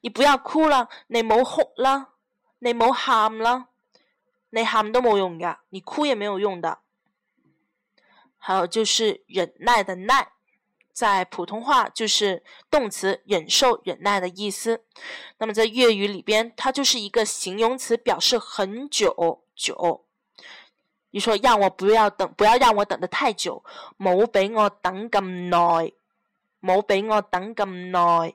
你不要哭了，你冇哭啦，你冇喊啦，你喊都冇用噶，你哭也沒有用的。還有就是忍耐的耐，在普通話就是動詞，忍受、忍耐的意思。那麼在粵語裏邊，它就是一個形容詞，表示很久、久。你說讓我不要等，不要讓我等得太久，冇俾我等咁耐，冇俾我等咁耐。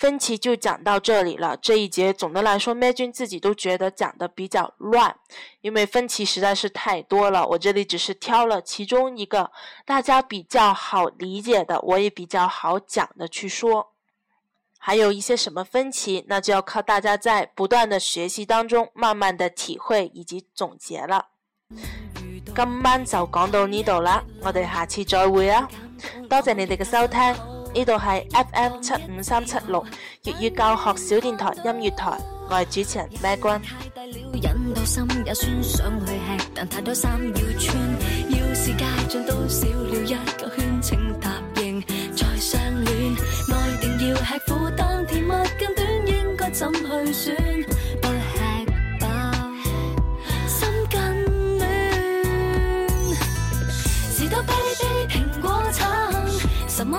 分歧就講到這裏了。這一節總的來說，咩君自己都覺得講的比較亂，因為分歧實在是太多了。我這裏只是挑了其中一個大家比較好理解的，我也比較好講的去說。還有一些什麼分歧，那就要靠大家在不斷的學習當中，慢慢的體會以及總結了。今晚就講到呢度啦，我哋下期再會啊！多謝你哋嘅收聽。呢度係 FM 七五三七六粵語教學小電台音樂台，我係主持人咩君。